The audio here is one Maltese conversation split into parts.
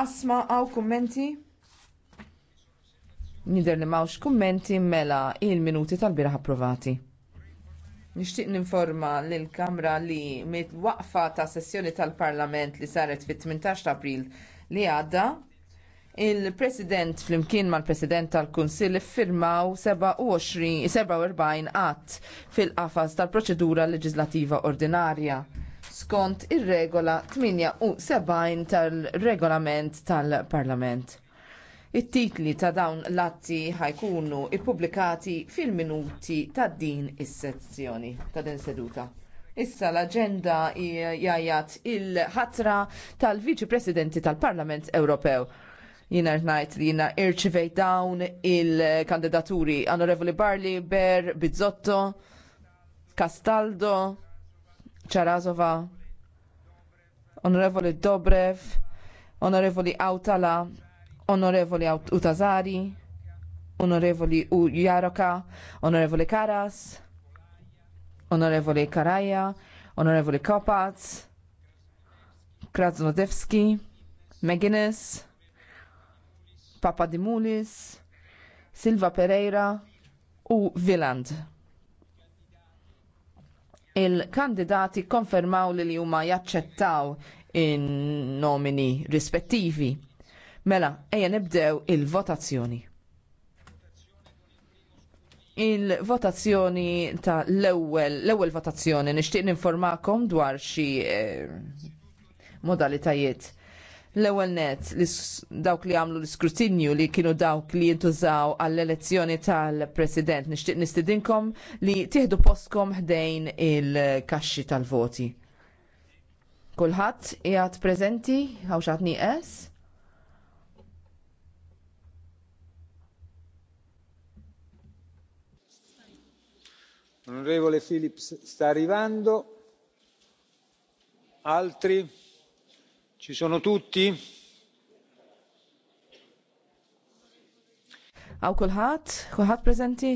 Asma għaw kummenti? Nider li mawx kummenti mela il-minuti tal-biraħ approvati. Nixtieq ninforma lill kamra li mit-waqfa ta' sessjoni tal-Parlament li saret fit-18 ta' April li għadda, il-President flimkien mal-President tal-Kunsill iffirmaw 27 47 fil-qafas tal-proċedura leġislativa ordinarja skont ir-regola 78 tal-regolament tal-Parlament. It-titli ta' dawn l-atti ħajkunu ippubblikati fil-minuti ta' din is-sezzjoni ta' din seduta. Issa l aġenda jajat il-ħatra tal-Viċi Presidenti tal-Parlament Ewropew. Jina rnajt li jina irċivej dawn il-kandidaturi Onorevoli Barli, Ber, Bizzotto, Castaldo, Charazova, Onorevoli Dobrev, Onorevoli Autala, Onorevoli Utazari, Onorevoli Ujaroka, Onorevoli Karas, Onorevoli Karaja, Onorevoli Kopac, Krasnodevski, McGuinness, Papadimulis, Silva Pereira u Viland il-kandidati konfermaw li li huma jaċċettaw in-nomini rispettivi. Mela, eja nibdew il-votazzjoni. Il-votazzjoni ta' l-ewwel l-ewwel votazzjoni nixtieq ninformakom dwar xi eh, modalitajiet L-ewwel net li dawk li għamlu l-iskrutinju li kienu dawk li jintużaw għall-elezzjoni tal-President nixtieq nistidinkom li tieħdu postkom ħdejn il-kaxxi tal-voti. Kulħadd jgħat preżenti għaw xi nieqes? Onorevole Philips sta arrivando. Altri? Ci sono tutti? Għaw kulħadd? Kulħadd prezenti?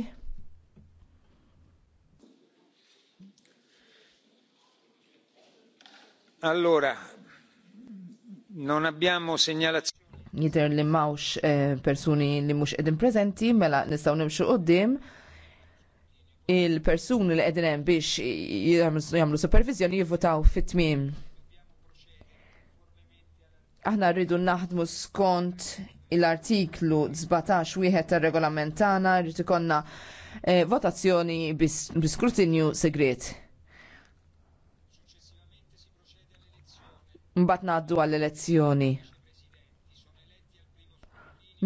Allora, non abbiamo segnalazioni. Jiter li mawx eh, persuni li mux edin prezenti, mela nistaw nimxu qoddim il-persuni li edin biex jamlu supervizjoni jivvotaw fit-tmim aħna rridu naħdmu skont l-artiklu 17 wieħed tar-regolament tagħna rrid ikollna eh, votazzjoni bi skrutinju segret. Mbagħad ngħaddu għall-elezzjoni.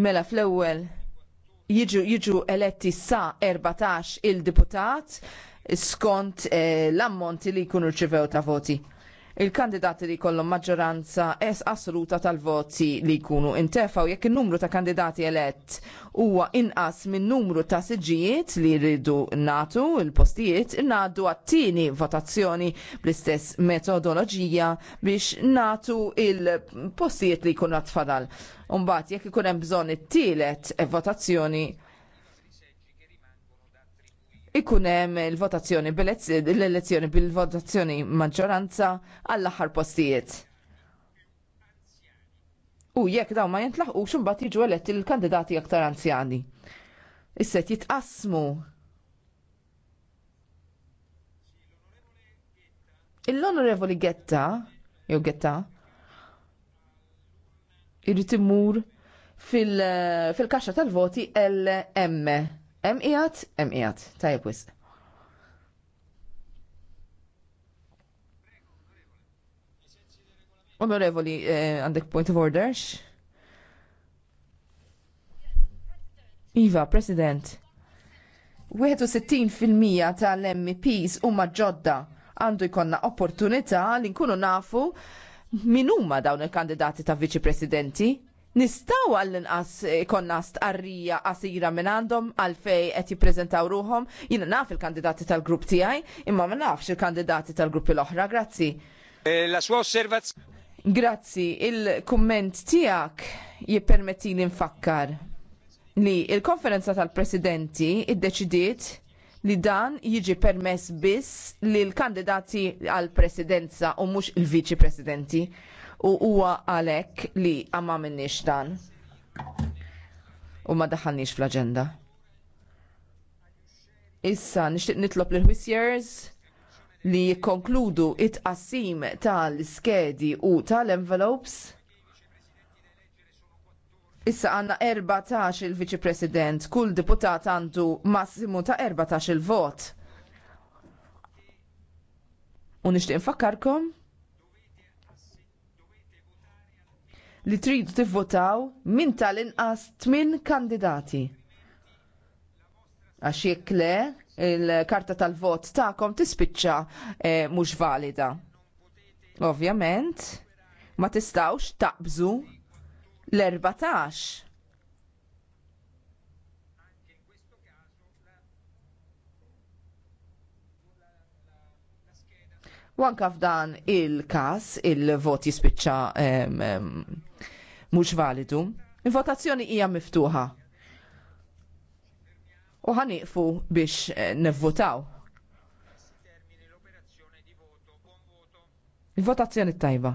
Mela fl-ewwel jiġu jiġu eletti sa 14 il-deputat skont eh, l-ammonti li jkunu rċivew ta' voti il-kandidati li jkollhom maġġoranza es assoluta tal-voti li jkunu intefaw jekk in numru ta' kandidati elett huwa inqas minn numru ta' siġijiet li jridu natu il-postijiet ngħaddu għat-tieni votazzjoni bl-istess metodoloġija biex natu il-postijiet li jkunu t-tfadal. Umbagħad jekk ikun hemm bżonn it-tielet votazzjoni ikunem il-votazzjoni l-elezzjoni bil-votazzjoni maġġoranza għall-aħħar postijiet. U jekk daw ma jintlaħqu xumbat jiġu eletti l-kandidati aktar anzjani. Isset jitqasmu. Il-Onorevoli Getta, jew Getta, jrid imur fil-kaxxa tal-voti LM. Hemm qiegħed, hemm qiegħed, tajjeb wisq. Onorevoli, eh, għandek point of order? Iva, President. 61% tal-MPs huma ġodda għandu jkollna opportunità li nkunu nafu min huma dawn il-kandidati ta' viċi presidenti Nistaw għall-inqas ikonna stqarrija qasira minn għandhom għalfej qed jippreżentaw ruhom, jiena naf il-kandidati tal-grupp tiegħi, imma ma nafx il-kandidati tal-gruppi l-oħra, grazzi. Eh, la sua osservazzjoni. Grazzi, il-kumment tiegħek li nfakkar li il-konferenza tal-presidenti iddeċidiet li dan jiġi permess biss l kandidati għal presidenza u mhux il-viċi presidenti u huwa għalhekk li għamma minni dan u ma daħalniex fl-aġenda. Issa nixtieq nitlob l-whisjers li jikkonkludu it-qassim tal-skedi u tal-envelopes. Issa għanna 14 il-Viċi President, kull deputat għandu massimu ta' 14 il-vot. U nixtieq infakkarkom li tridu tivvotaw minn tal-inqas tmien kandidati. Għax jekk le, il-karta tal-vot tagħkom tispiċċa e, mhux valida. Ovvjament, ma tistawx taqbżu l-14 Wanka f'dan il-każ il-vot jispiċċa mhux validu. Il-votazzjoni hija miftuħa. U ħaniqfu biex eh, nevvotaw. Il-votazzjoni tajba.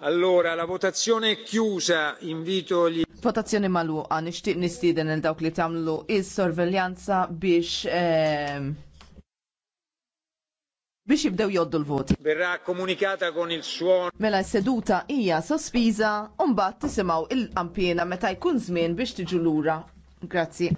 Allora, la votazione è chiusa, invito gli... Votazzjoni maluqa, nixtieq nistieden il dawk li tagħmlu is-sorveljanza biex ehm, biex jibdew joddu l-voti. Verrà komunikata kon il suon. Mela seduta hija sospiża u mbagħad tisimgħu il ampiena meta jkun żmien biex tiġu lura. Grazzi.